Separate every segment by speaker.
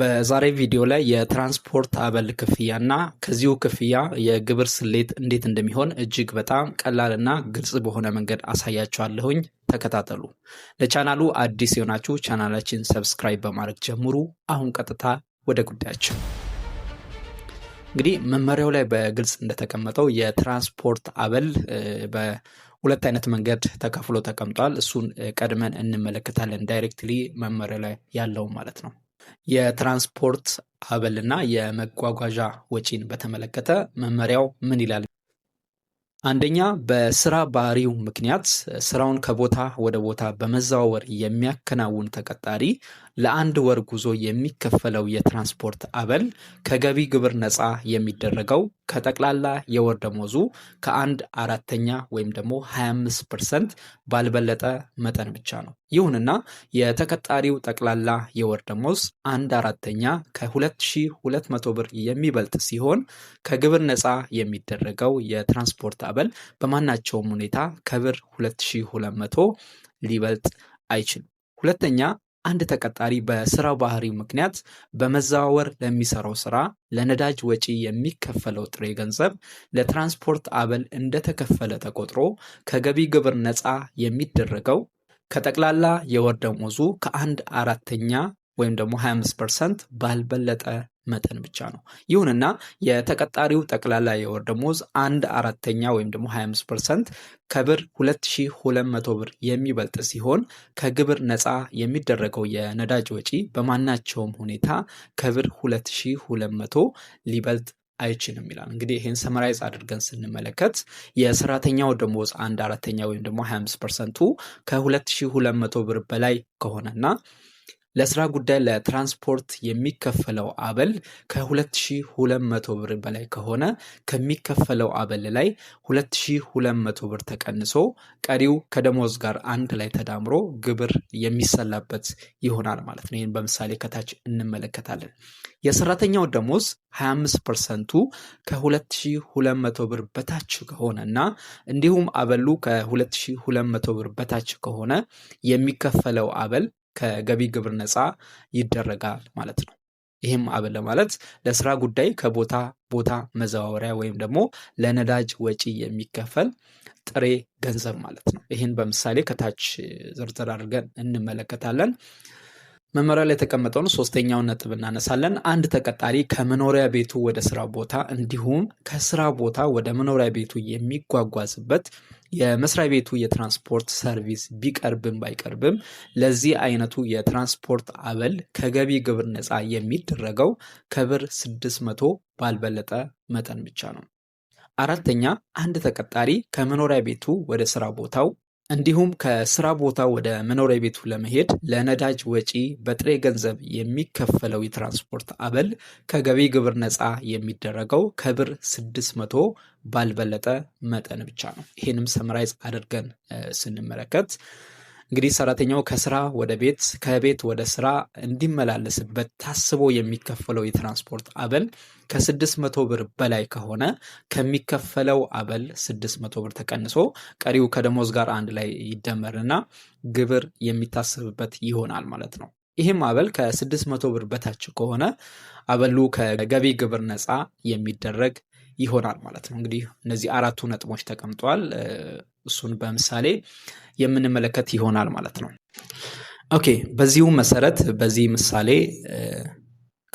Speaker 1: በዛሬ ቪዲዮ ላይ የትራንስፖርት አበል ክፍያ እና ከዚሁ ክፍያ የግብር ስሌት እንዴት እንደሚሆን እጅግ በጣም ቀላል እና ግልጽ በሆነ መንገድ አሳያችኋለሁኝ። ተከታተሉ። ለቻናሉ አዲስ የሆናችሁ ቻናላችን ሰብስክራይብ በማድረግ ጀምሩ። አሁን ቀጥታ ወደ ጉዳያችን እንግዲህ መመሪያው ላይ በግልጽ እንደተቀመጠው የትራንስፖርት አበል በሁለት አይነት መንገድ ተከፍሎ ተቀምጧል። እሱን ቀድመን እንመለከታለን። ዳይሬክትሊ መመሪያው ላይ ያለው ማለት ነው። የትራንስፖርት አበልና የመጓጓዣ ወጪን በተመለከተ መመሪያው ምን ይላል? አንደኛ በስራ ባህሪው ምክንያት ስራውን ከቦታ ወደ ቦታ በመዘዋወር የሚያከናውን ተቀጣሪ ለአንድ ወር ጉዞ የሚከፈለው የትራንስፖርት አበል ከገቢ ግብር ነፃ የሚደረገው ከጠቅላላ የወር ደሞዙ ከአንድ አራተኛ ወይም ደግሞ 25 ፐርሰንት ባልበለጠ መጠን ብቻ ነው። ይሁንና የተቀጣሪው ጠቅላላ የወር ደሞዝ አንድ አራተኛ ከ2200 ብር የሚበልጥ ሲሆን ከግብር ነፃ የሚደረገው የትራንስፖርት አበል በማናቸውም ሁኔታ ከብር 2200 ሊበልጥ አይችልም። ሁለተኛ አንድ ተቀጣሪ በስራው ባህሪ ምክንያት በመዘዋወር ለሚሰራው ስራ ለነዳጅ ወጪ የሚከፈለው ጥሬ ገንዘብ ለትራንስፖርት አበል እንደተከፈለ ተቆጥሮ ከገቢ ግብር ነፃ የሚደረገው ከጠቅላላ የወር ደመወዙ ከአንድ አራተኛ ወይም ደግሞ 25 ፐርሰንት ባልበለጠ መጠን ብቻ ነው። ይሁንና የተቀጣሪው ጠቅላላ የወር ደሞዝ አንድ አራተኛ ወይም ደግሞ 25 ፐርሰንት ከብር 2200 ብር የሚበልጥ ሲሆን ከግብር ነፃ የሚደረገው የነዳጅ ወጪ በማናቸውም ሁኔታ ከብር 2200 ሊበልጥ አይችልም ይላል። እንግዲህ ይህን ሰመራይዝ አድርገን ስንመለከት የሰራተኛው ደሞዝ አንድ አራተኛ ወይም ደግሞ 25 ፐርሰንቱ ከ2200 ብር በላይ ከሆነና ለስራ ጉዳይ ለትራንስፖርት የሚከፈለው አበል ከ2200 ብር በላይ ከሆነ ከሚከፈለው አበል ላይ 2200 ብር ተቀንሶ ቀሪው ከደሞዝ ጋር አንድ ላይ ተዳምሮ ግብር የሚሰላበት ይሆናል ማለት ነው። ይህን በምሳሌ ከታች እንመለከታለን። የሰራተኛው ደሞዝ 25 ፐርሰንቱ ከ2200 ብር በታች ከሆነ እና እንዲሁም አበሉ ከ2200 ብር በታች ከሆነ የሚከፈለው አበል ከገቢ ግብር ነፃ ይደረጋል ማለት ነው። ይህም አበል ለማለት ለስራ ጉዳይ ከቦታ ቦታ መዘዋወሪያ ወይም ደግሞ ለነዳጅ ወጪ የሚከፈል ጥሬ ገንዘብ ማለት ነው። ይህን በምሳሌ ከታች ዝርዝር አድርገን እንመለከታለን። መመሪያ ላይ የተቀመጠውን ሶስተኛውን ነጥብ እናነሳለን። አንድ ተቀጣሪ ከመኖሪያ ቤቱ ወደ ስራ ቦታ እንዲሁም ከስራ ቦታ ወደ መኖሪያ ቤቱ የሚጓጓዝበት የመስሪያ ቤቱ የትራንስፖርት ሰርቪስ ቢቀርብም ባይቀርብም ለዚህ አይነቱ የትራንስፖርት አበል ከገቢ ግብር ነፃ የሚደረገው ከብር 600 ባልበለጠ መጠን ብቻ ነው። አራተኛ አንድ ተቀጣሪ ከመኖሪያ ቤቱ ወደ ስራ ቦታው እንዲሁም ከስራ ቦታ ወደ መኖሪያ ቤቱ ለመሄድ ለነዳጅ ወጪ በጥሬ ገንዘብ የሚከፈለው የትራንስፖርት አበል ከገቢ ግብር ነፃ የሚደረገው ከብር 600 ባልበለጠ መጠን ብቻ ነው። ይህንም ሰምራይዝ አድርገን ስንመለከት እንግዲህ ሰራተኛው ከስራ ወደ ቤት ከቤት ወደ ስራ እንዲመላለስበት ታስቦ የሚከፈለው የትራንስፖርት አበል ከ600 ብር በላይ ከሆነ ከሚከፈለው አበል 600 ብር ተቀንሶ ቀሪው ከደሞዝ ጋር አንድ ላይ ይደመርና ግብር የሚታሰብበት ይሆናል ማለት ነው። ይህም አበል ከ600 ብር በታች ከሆነ አበሉ ከገቢ ግብር ነፃ የሚደረግ ይሆናል ማለት ነው። እንግዲህ እነዚህ አራቱ ነጥቦች ተቀምጠዋል። እሱን በምሳሌ የምንመለከት ይሆናል ማለት ነው። ኦኬ በዚሁ መሰረት በዚህ ምሳሌ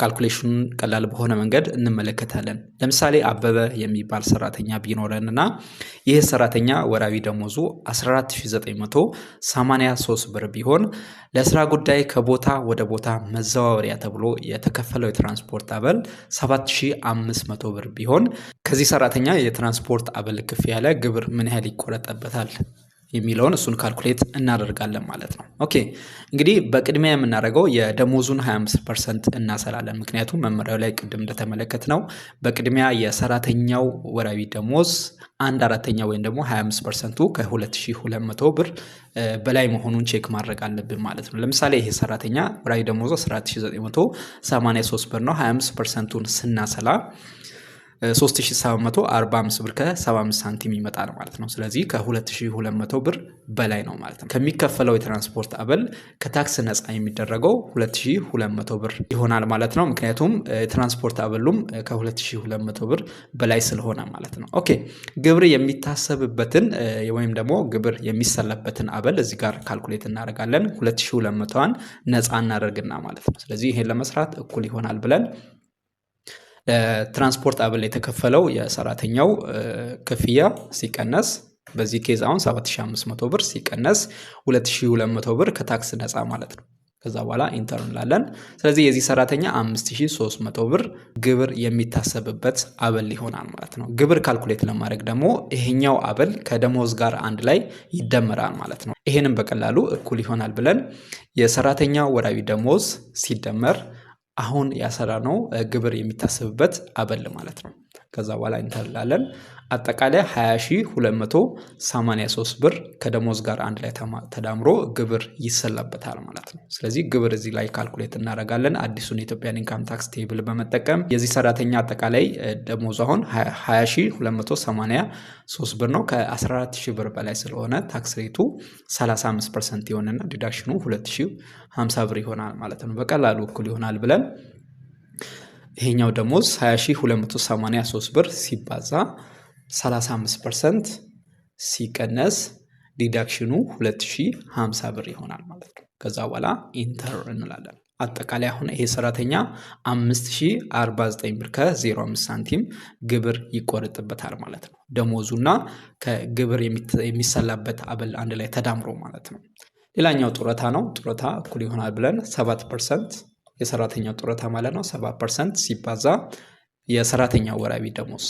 Speaker 1: ካልኩሌሽኑን ቀላል በሆነ መንገድ እንመለከታለን። ለምሳሌ አበበ የሚባል ሰራተኛ ቢኖረን እና ይህ ሰራተኛ ወራዊ ደሞዙ 14983 ብር ቢሆን ለስራ ጉዳይ ከቦታ ወደ ቦታ መዘዋወሪያ ተብሎ የተከፈለው የትራንስፖርት አበል 7500 ብር ቢሆን ከዚህ ሰራተኛ የትራንስፖርት አበል ክፍ ያለ ግብር ምን ያህል ይቆረጠበታል? የሚለውን እሱን ካልኩሌት እናደርጋለን ማለት ነው። ኦኬ እንግዲህ በቅድሚያ የምናደርገው የደሞዙን 25 ፐርሰንት እናሰላለን። ምክንያቱም መመሪያው ላይ ቅድም እንደተመለከት ነው በቅድሚያ የሰራተኛው ወራዊ ደሞዝ አንድ አራተኛ ወይም ደግሞ 25 ፐርሰንቱ ከ2200 ብር በላይ መሆኑን ቼክ ማድረግ አለብን ማለት ነው። ለምሳሌ ይሄ ሰራተኛ ወራዊ ደሞዙ 14983 ብር ነው። 25 ፐርሰንቱን ስናሰላ 3745 ብር ከ75 ሳንቲም ይመጣል ማለት ነው። ስለዚህ ከ2200 ብር በላይ ነው ማለት ነው። ከሚከፈለው የትራንስፖርት አበል ከታክስ ነፃ የሚደረገው 2200 ብር ይሆናል ማለት ነው። ምክንያቱም የትራንስፖርት አበሉም ከ2200 ብር በላይ ስለሆነ ማለት ነው። ኦኬ ግብር የሚታሰብበትን ወይም ደግሞ ግብር የሚሰለበትን አበል እዚህ ጋር ካልኩሌት እናደርጋለን። 2200ን ነፃ እናደርግና ማለት ነው። ስለዚህ ይሄን ለመስራት እኩል ይሆናል ብለን ለትራንስፖርት አበል የተከፈለው የሰራተኛው ክፍያ ሲቀነስ በዚህ ኬዝ አሁን 7500 ብር ሲቀነስ 2200 ብር ከታክስ ነፃ ማለት ነው። ከዛ በኋላ ኢንተር እንላለን። ስለዚህ የዚህ ሰራተኛ 5300 ብር ግብር የሚታሰብበት አበል ይሆናል ማለት ነው። ግብር ካልኩሌት ለማድረግ ደግሞ ይሄኛው አበል ከደሞዝ ጋር አንድ ላይ ይደመራል ማለት ነው። ይሄንም በቀላሉ እኩል ይሆናል ብለን የሰራተኛ ወራዊ ደሞዝ ሲደመር አሁን ያሰራ ነው ግብር የሚታሰብበት አበል ማለት ነው። ከዛ በኋላ እንተላለን። አጠቃላይ 20283 ብር ከደሞዝ ጋር አንድ ላይ ተዳምሮ ግብር ይሰላበታል ማለት ነው። ስለዚህ ግብር እዚህ ላይ ካልኩሌት እናደርጋለን። አዲሱን የኢትዮጵያን ኢንካም ታክስ ቴብል በመጠቀም የዚህ ሰራተኛ አጠቃላይ ደሞዝ አሁን 20283 ብር ነው። ከ14000 ብር በላይ ስለሆነ ታክስ ሬቱ 35 ፐርሰንት ይሆንና ዲዳክሽኑ 2050 ብር ይሆናል ማለት ነው። በቀላሉ እኩል ይሆናል ብለን ይሄኛው ደሞዝ 20283 ብር ሲባዛ 35 ፐርሰንት ሲቀነስ ዲዳክሽኑ 2050 ብር ይሆናል ማለት ነው። ከዛ በኋላ ኢንተር እንላለን። አጠቃላይ አሁን ይሄ ሰራተኛ 5049 ብር ከ05 ሳንቲም ግብር ይቆረጥበታል ማለት ነው። ደሞዙና ከግብር የሚሰላበት አበል አንድ ላይ ተዳምሮ ማለት ነው። ሌላኛው ጡረታ ነው። ጡረታ እኩል ይሆናል ብለን 7 ፐርሰንት የሰራተኛው ጡረታ ማለት ነው። ሰባ ፐርሰንት ሲባዛ የሰራተኛው ወራቢ ደሞዝ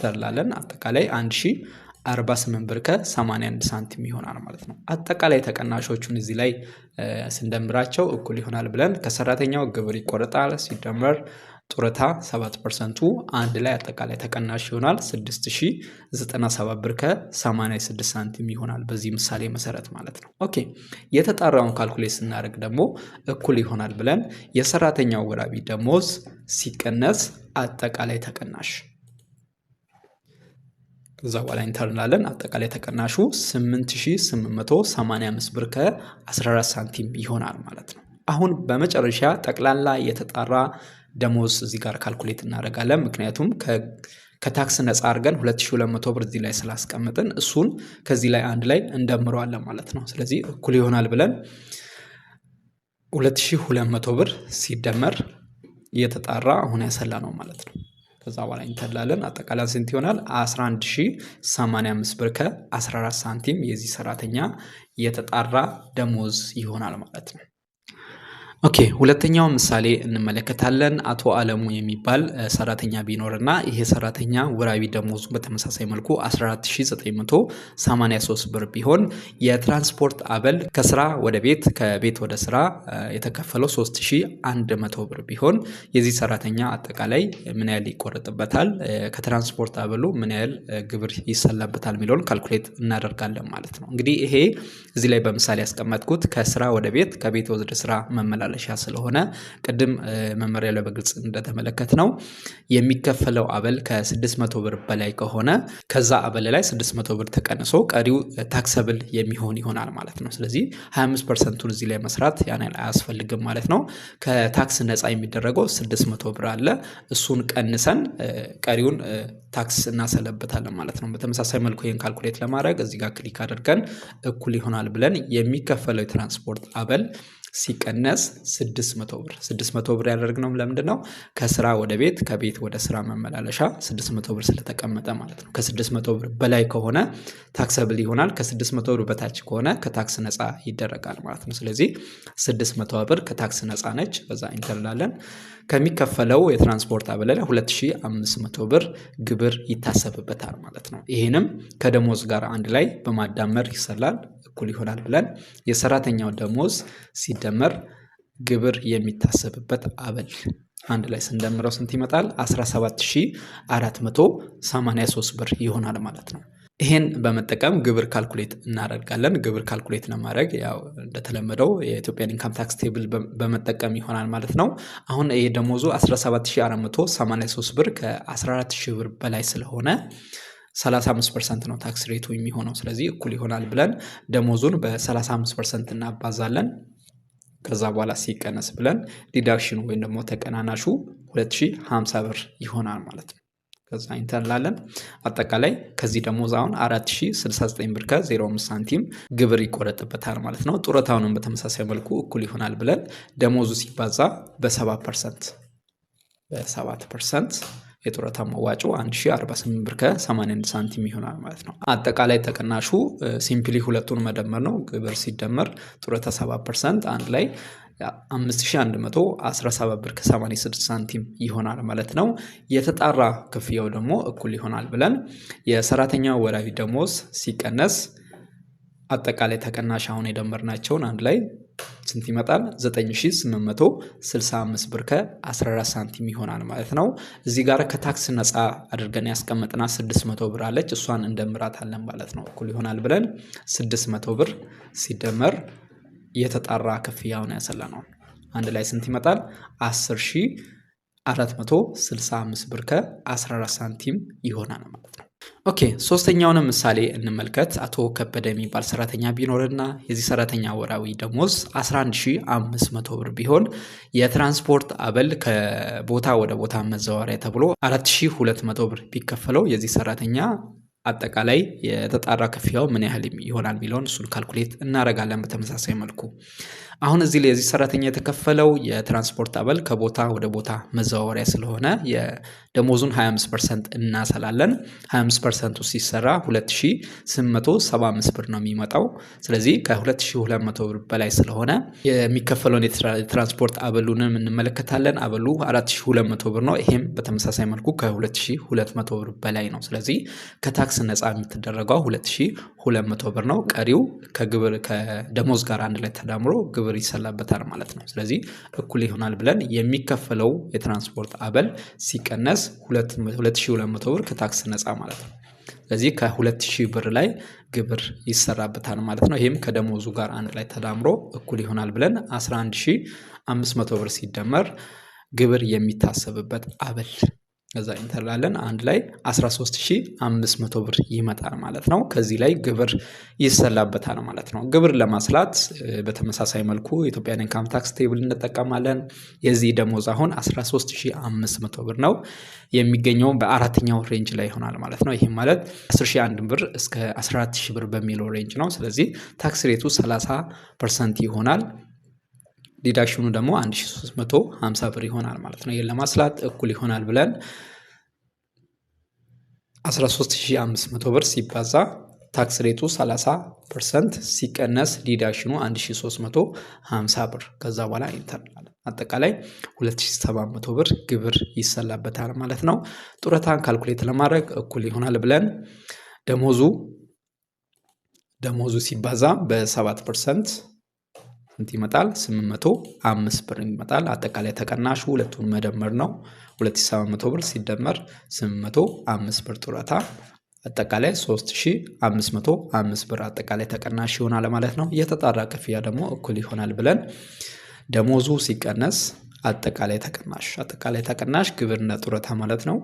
Speaker 1: ተላለን አጠቃላይ 1048 ብር ከ81 ሳንቲም ይሆናል ማለት ነው። አጠቃላይ ተቀናሾቹን እዚህ ላይ ስንደምራቸው እኩል ይሆናል ብለን ከሰራተኛው ግብር ይቆረጣል ሲደመር ጡረታ 7 ፐርሰንቱ አንድ ላይ አጠቃላይ ተቀናሽ ይሆናል 6097 ብር ከ86 ሳንቲም ይሆናል። በዚህ ምሳሌ መሰረት ማለት ነው። ኦኬ የተጣራውን ካልኩሌት ስናደርግ ደግሞ እኩል ይሆናል ብለን የሰራተኛው ወራቢ ደሞዝ ሲቀነስ አጠቃላይ ተቀናሽ እዛ በኋላ ኢንተር እንላለን። አጠቃላይ ተቀናሹ 8885 ብር ከ14 ሳንቲም ይሆናል ማለት ነው። አሁን በመጨረሻ ጠቅላላ የተጣራ ደሞዝ እዚህ ጋር ካልኩሌት እናደርጋለን። ምክንያቱም ከታክስ ነፃ አድርገን 2200 ብር እዚህ ላይ ስላስቀምጥን እሱን ከዚህ ላይ አንድ ላይ እንደምረዋለን ማለት ነው። ስለዚህ እኩል ይሆናል ብለን 2200 ብር ሲደመር እየተጣራ አሁን ያሰላ ነው ማለት ነው። ከዛ በኋላ እንተላለን። አጠቃላይ ስንት ይሆናል? 11085 ብር ከ14 ሳንቲም የዚህ ሰራተኛ የተጣራ ደሞዝ ይሆናል ማለት ነው። ኦኬ ሁለተኛው ምሳሌ እንመለከታለን። አቶ አለሙ የሚባል ሰራተኛ ቢኖርና ይሄ ሰራተኛ ወራዊ ደሞዙ በተመሳሳይ መልኩ 14983 ብር ቢሆን የትራንስፖርት አበል ከስራ ወደ ቤት ከቤት ወደ ስራ የተከፈለው 3100 ብር ቢሆን የዚህ ሰራተኛ አጠቃላይ ምን ያህል ይቆረጥበታል፣ ከትራንስፖርት አበሉ ምን ያህል ግብር ይሰላበታል የሚለውን ካልኩሌት እናደርጋለን ማለት ነው። እንግዲህ ይሄ እዚህ ላይ በምሳሌ ያስቀመጥኩት ከስራ ወደ ቤት ከቤት ወደ ስራ መመላለስ ማመላለሻ ስለሆነ ቅድም መመሪያ ላይ በግልጽ እንደተመለከት ነው የሚከፈለው አበል ከ600 ብር በላይ ከሆነ ከዛ አበል ላይ 600 ብር ተቀንሶ ቀሪው ታክሰብል የሚሆን ይሆናል ማለት ነው። ስለዚህ 25 ፐርሰንቱን እዚህ ላይ መስራት ያን አያስፈልግም ማለት ነው። ከታክስ ነፃ የሚደረገው 600 ብር አለ። እሱን ቀንሰን ቀሪውን ታክስ እናሰለበታለን ማለት ነው። በተመሳሳይ መልኩ ይህን ካልኩሌት ለማድረግ እዚህ ጋር ክሊክ አድርገን እኩል ይሆናል ብለን የሚከፈለው የትራንስፖርት አበል ሲቀነስ 600 ብር 600 ብር ያደርግነው ለምንድን ነው? ከስራ ወደ ቤት ከቤት ወደ ስራ መመላለሻ 600 ብር ስለተቀመጠ ማለት ነው። ከ600 ብር በላይ ከሆነ ታክሰብል ይሆናል። ከ600 ብር በታች ከሆነ ከታክስ ነፃ ይደረጋል ማለት ነው። ስለዚህ 600 ብር ከታክስ ነፃ ነች። በዛ እንላለን ከሚከፈለው የትራንስፖርት አበላ ላይ 2500 ብር ግብር ይታሰብበታል ማለት ነው። ይህንም ከደሞዝ ጋር አንድ ላይ በማዳመር ይሰላል እኩል ይሆናል ብለን የሰራተኛው ደሞዝ ሲደ ሲደመር ግብር የሚታሰብበት አበል አንድ ላይ ስንደምረው ስንት ይመጣል? 17483 ብር ይሆናል ማለት ነው። ይህን በመጠቀም ግብር ካልኩሌት እናደርጋለን። ግብር ካልኩሌት ለማድረግ ያው እንደተለመደው የኢትዮጵያን ኢንካም ታክስ ቴብል በመጠቀም ይሆናል ማለት ነው። አሁን ይሄ ደሞዙ 17483 ብር ከ14000 ብር በላይ ስለሆነ 35 ፐርሰንት ነው ታክስ ሬቱ የሚሆነው። ስለዚህ እኩል ይሆናል ብለን ደሞዙን በ35 ፐርሰንት እናባዛለን። ከዛ በኋላ ሲቀነስ ብለን ዲዳክሽኑ ወይም ደግሞ ተቀናናሹ 2050 ብር ይሆናል ማለት ነው። ከዛ ኢንተር እንላለን። አጠቃላይ ከዚህ ደሞዝ አሁን 4069 ብር ከ05 ሳንቲም ግብር ይቆረጥበታል ማለት ነው። ጡረታውንም በተመሳሳይ መልኩ እኩል ይሆናል ብለን ደሞዙ ሲባዛ በ7 ፐርሰንት በ7 ፐርሰንት የጡረታ መዋጮ 1048 ብር ከ81 ሳንቲም ይሆናል ማለት ነው። አጠቃላይ ተቀናሹ ሲምፕሊ ሁለቱን መደመር ነው። ግብር ሲደመር ጡረታ 7 ፐርሰንት አንድ ላይ 5117 ብር ከ86 ሳንቲም ይሆናል ማለት ነው። የተጣራ ክፍያው ደግሞ እኩል ይሆናል ብለን የሰራተኛ ወራዊ ደሞዝ ሲቀነስ አጠቃላይ ተቀናሽ አሁን የደመርናቸውን አንድ ላይ ስንት ይመጣል? 9865 ብር ከ14 ሳንቲም ይሆናል ማለት ነው። እዚህ ጋር ከታክስ ነፃ አድርገን ያስቀመጥና 600 ብር አለች እሷን እንደምራታለን ማለት ነው። እኩል ይሆናል ብለን 600 ብር ሲደመር የተጣራ ክፍያውን ያሰላ ነው። አንድ ላይ ስንት ይመጣል? 10465 ብር ከ14 ሳንቲም ይሆናል ማለት ነው። ኦኬ ሶስተኛውን ምሳሌ እንመልከት። አቶ ከበደ የሚባል ሰራተኛ ቢኖርና የዚህ ሰራተኛ ወራዊ ደሞዝ 11500 ብር ቢሆን የትራንስፖርት አበል ከቦታ ወደ ቦታ መዘዋወሪያ ተብሎ 4200 ብር ቢከፈለው የዚህ ሰራተኛ አጠቃላይ የተጣራ ክፍያው ምን ያህል ይሆናል የሚለውን እሱን ካልኩሌት እናደርጋለን። በተመሳሳይ መልኩ አሁን እዚህ ላይ የዚህ ሰራተኛ የተከፈለው የትራንስፖርት አበል ከቦታ ወደ ቦታ መዘዋወሪያ ስለሆነ የደሞዙን 25 ፐርሰንት እናሰላለን። 25 ፐርሰንቱ ሲሰራ 2875 ብር ነው የሚመጣው። ስለዚህ ከ2200 ብር በላይ ስለሆነ የሚከፈለውን የትራንስፖርት አበሉንም እንመለከታለን። አበሉ 4200 ብር ነው። ይሄም በተመሳሳይ መልኩ ከ2200 ብር በላይ ነው። ስለዚህ ከታክስ ነፃ የምትደረገው ሁለት መቶ ብር ነው። ቀሪው ከግብር ከደሞዝ ጋር አንድ ላይ ተዳምሮ ግብር ይሰላበታል ማለት ነው። ስለዚህ እኩል ይሆናል ብለን የሚከፈለው የትራንስፖርት አበል ሲቀነስ 2200 ብር ከታክስ ነፃ ማለት ነው። ስለዚህ ከ2000 ብር ላይ ግብር ይሰራበታል ማለት ነው። ይህም ከደሞዙ ጋር አንድ ላይ ተዳምሮ እኩል ይሆናል ብለን 11500 ብር ሲደመር ግብር የሚታሰብበት አበል እዛ ኢንተር ላለን አንድ ላይ 13500 ብር ይመጣል ማለት ነው። ከዚህ ላይ ግብር ይሰላበታል ማለት ነው። ግብር ለማስላት በተመሳሳይ መልኩ የኢትዮጵያን ኢንካም ታክስ ቴብል እንጠቀማለን። የዚህ ደሞዝ አሁን 13500 ብር ነው የሚገኘው በአራተኛው ሬንጅ ላይ ይሆናል ማለት ነው። ይህም ማለት 10001 ብር እስከ 14000 ብር በሚለው ሬንጅ ነው። ስለዚህ ታክስ ሬቱ 30 ፐርሰንት ይሆናል። ዲዳክሽኑ ደግሞ 1350 ብር ይሆናል ማለት ነው። ይህን ለማስላት እኩል ይሆናል ብለን 13500 ብር ሲባዛ ታክስ ሬቱ 30 ፐርሰንት ሲቀነስ ዲዳክሽኑ 1350 ብር ከዛ በኋላ ኢንተር አጠቃላይ 2700 ብር ግብር ይሰላበታል ማለት ነው። ጡረታን ካልኩሌት ለማድረግ እኩል ይሆናል ብለን ደሞዙ ደሞዙ ሲባዛ በ7 ፐርሰንት ስንት ይመጣል? 805 ብር ይመጣል። አጠቃላይ ተቀናሹ ሁለቱን መደመር ነው። 2700 ብር ሲደመር 805 ብር ጡረታ አጠቃላይ 3505 ብር አጠቃላይ ተቀናሽ ይሆናል ማለት ነው። የተጣራ ክፍያ ደግሞ እኩል ይሆናል ብለን ደሞዙ ሲቀነስ አጠቃላይ ተቀናሽ አጠቃላይ ተቀናሽ ግብርና ጡረታ ማለት ነው።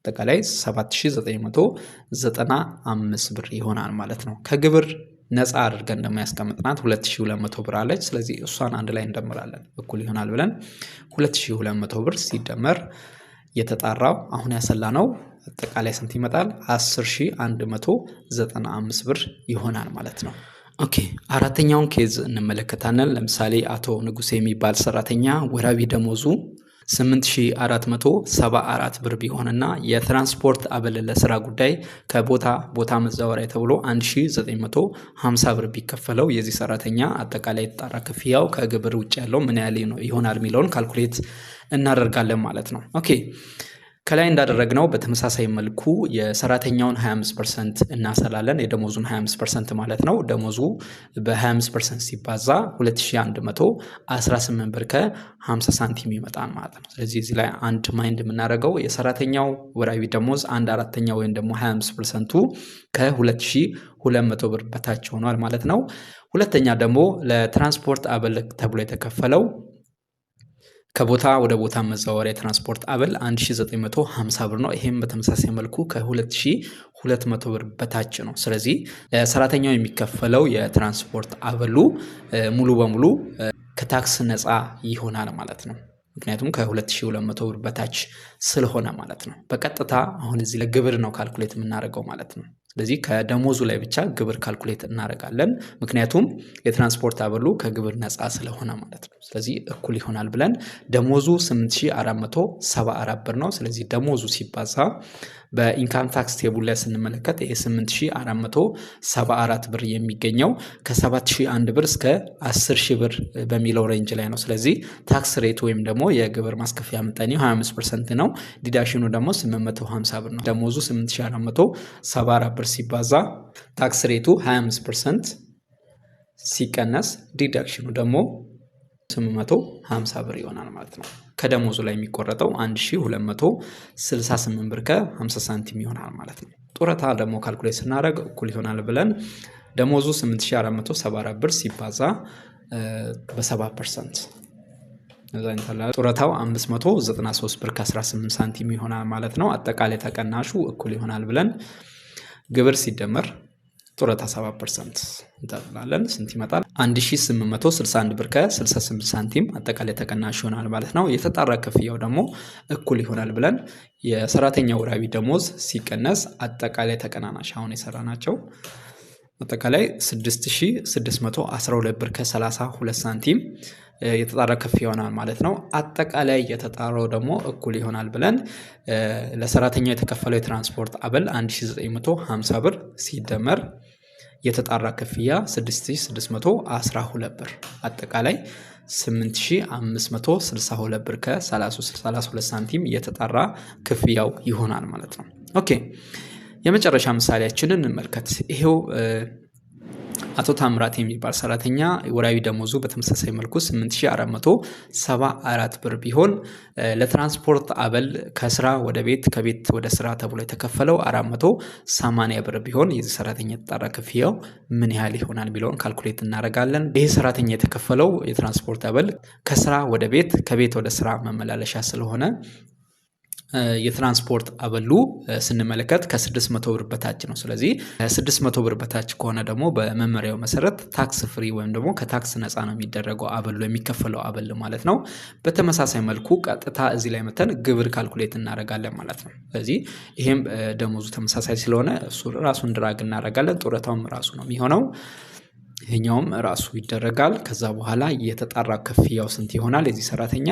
Speaker 1: አጠቃላይ 7995 ብር ይሆናል ማለት ነው ከግብር ነፃ አድርገን ደግሞ ያስቀምጥናት 2200 ብር አለች። ስለዚህ እሷን አንድ ላይ እንደምራለን እኩል ይሆናል ብለን 2200 ብር ሲደመር የተጣራው አሁን ያሰላ ነው አጠቃላይ ስንት ይመጣል? 10195 ብር ይሆናል ማለት ነው። ኦኬ አራተኛውን ኬዝ እንመለከታለን። ለምሳሌ አቶ ንጉሴ የሚባል ሰራተኛ ወራቢ ደሞዙ 8474 ብር ቢሆንና የትራንስፖርት አበል ለስራ ጉዳይ ከቦታ ቦታ መዛወሪያ ተብሎ 1950 ብር ቢከፈለው የዚህ ሰራተኛ አጠቃላይ የተጣራ ክፍያው ከግብር ውጭ ያለው ምን ያህል ይሆናል የሚለውን ካልኩሌት እናደርጋለን ማለት ነው። ኦኬ ከላይ እንዳደረግነው በተመሳሳይ መልኩ የሰራተኛውን 25 ፐርሰንት እናሰላለን። የደሞዙን 25 ፐርሰንት ማለት ነው። ደሞዙ በ25 ፐርሰንት ሲባዛ 2118 ብር ከ50 ሳንቲም ይመጣል ማለት ነው። ስለዚህ እዚህ ላይ አንድ ማይንድ የምናደርገው የሰራተኛው ወራዊ ደሞዝ አንድ አራተኛ ወይም ደግሞ 25 ፐርሰንቱ ከ2200 ብር በታች ሆኗል ማለት ነው። ሁለተኛ ደግሞ ለትራንስፖርት አበል ተብሎ የተከፈለው ከቦታ ወደ ቦታ መዘዋወሪያ የትራንስፖርት አበል 1950 ብር ነው። ይሄም በተመሳሳይ መልኩ ከ2200 ብር በታች ነው። ስለዚህ ሰራተኛው የሚከፈለው የትራንስፖርት አበሉ ሙሉ በሙሉ ከታክስ ነፃ ይሆናል ማለት ነው። ምክንያቱም ከ2200 ብር በታች ስለሆነ ማለት ነው። በቀጥታ አሁን እዚህ ለግብር ነው ካልኩሌት የምናደርገው ማለት ነው። ስለዚህ ከደሞዙ ላይ ብቻ ግብር ካልኩሌት እናደርጋለን። ምክንያቱም የትራንስፖርት አበሉ ከግብር ነፃ ስለሆነ ማለት ነው። ስለዚህ እኩል ይሆናል ብለን ደሞዙ 8474 ብር ነው። ስለዚህ ደሞዙ ሲባዛ በኢንካም ታክስ ቴቡል ላይ ስንመለከት ይሄ 8474 ብር የሚገኘው ከ7001 ብር እስከ 10000 ብር በሚለው ሬንጅ ላይ ነው። ስለዚህ ታክስ ሬት ወይም ደግሞ የግብር ማስከፊያ ምጣኔው 25 ፐርሰንት ነው። ዲዳሽኑ ደግሞ 850 ብር ነው። ደሞዙ 8474 ብር ሲባዛ ታክስ ሬቱ 25 ፐርሰንት ሲቀነስ ዲዳክሽኑ ደግሞ 850 ብር ይሆናል ማለት ነው። ከደሞዙ ላይ የሚቆረጠው 1268 ብር ከ50 ሳንቲም ይሆናል ማለት ነው። ጡረታ ደግሞ ካልኩሌት ስናደረግ እኩል ይሆናል ብለን ደሞዙ 8474 ብር ሲባዛ በ7 ፐርሰንት ጡረታው 593 ብር ከ18 ሳንቲም ይሆናል ማለት ነው። አጠቃላይ ተቀናሹ እኩል ይሆናል ብለን ግብር ሲደመር ጡረታ 7 ፐርሰንት እንጠቅላለን ስንት ይመጣል? 1861 ብር ከ68 ሳንቲም አጠቃላይ ተቀናሽ ይሆናል ማለት ነው። የተጣራ ክፍያው ደግሞ እኩል ይሆናል ብለን የሰራተኛ ወራዊ ደሞዝ ሲቀነስ አጠቃላይ ተቀናናሽ አሁን የሰራ ናቸው አጠቃላይ 6612 ብር ከ32 ሳንቲም የተጣራ ከፍ ይሆናል ማለት ነው። አጠቃላይ የተጣራው ደግሞ እኩል ይሆናል ብለን ለሰራተኛ የተከፈለው የትራንስፖርት አበል 1950 ብር ሲደመር የተጣራ ክፍያ 6612 ብር አጠቃላይ 8562 ብር ከ32 ሳንቲም የተጣራ ክፍያው ይሆናል ማለት ነው። ኦኬ የመጨረሻ ምሳሌያችንን እንመልከት። ይሄው አቶ ታምራት የሚባል ሰራተኛ ወራዊ ደሞዙ በተመሳሳይ መልኩ 8474 ብር ቢሆን ለትራንስፖርት አበል ከስራ ወደ ቤት ከቤት ወደ ስራ ተብሎ የተከፈለው 480 ብር ቢሆን የዚህ ሰራተኛ የተጣራ ክፍያው ምን ያህል ይሆናል የሚለውን ካልኩሌት እናደርጋለን። ይህ ሰራተኛ የተከፈለው የትራንስፖርት አበል ከስራ ወደ ቤት ከቤት ወደ ስራ መመላለሻ ስለሆነ የትራንስፖርት አበሉ ስንመለከት ከ600 ብር በታች ነው። ስለዚህ 600 ብር በታች ከሆነ ደግሞ በመመሪያው መሰረት ታክስ ፍሪ ወይም ደግሞ ከታክስ ነፃ ነው የሚደረገው አበሉ የሚከፈለው አበል ማለት ነው። በተመሳሳይ መልኩ ቀጥታ እዚህ ላይ መተን ግብር ካልኩሌት እናደርጋለን ማለት ነው። ስለዚህ ይሄም ደሞዙ ተመሳሳይ ስለሆነ እሱ ራሱን ድራግ እናደርጋለን። ጡረታውም ራሱ ነው የሚሆነው። ይሄኛውም ራሱ ይደረጋል። ከዛ በኋላ የተጣራ ክፍያው ስንት ይሆናል የዚህ ሰራተኛ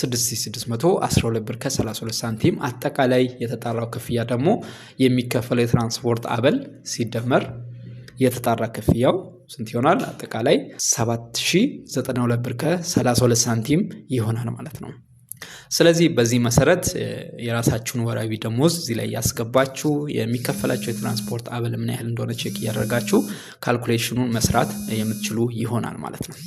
Speaker 1: 6612 ብር ከ32 ሳንቲም አጠቃላይ የተጣራው ክፍያ ደግሞ የሚከፈለው የትራንስፖርት አበል ሲደመር የተጣራ ክፍያው ስንት ይሆናል? አጠቃላይ 7092 ብር ከ32 ሳንቲም ይሆናል ማለት ነው። ስለዚህ በዚህ መሰረት የራሳችሁን ወራዊ ደሞዝ እዚህ ላይ ያስገባችሁ የሚከፈላቸው የትራንስፖርት አበል ምን ያህል እንደሆነ ቼክ እያደረጋችሁ ካልኩሌሽኑን መስራት የምትችሉ ይሆናል ማለት ነው።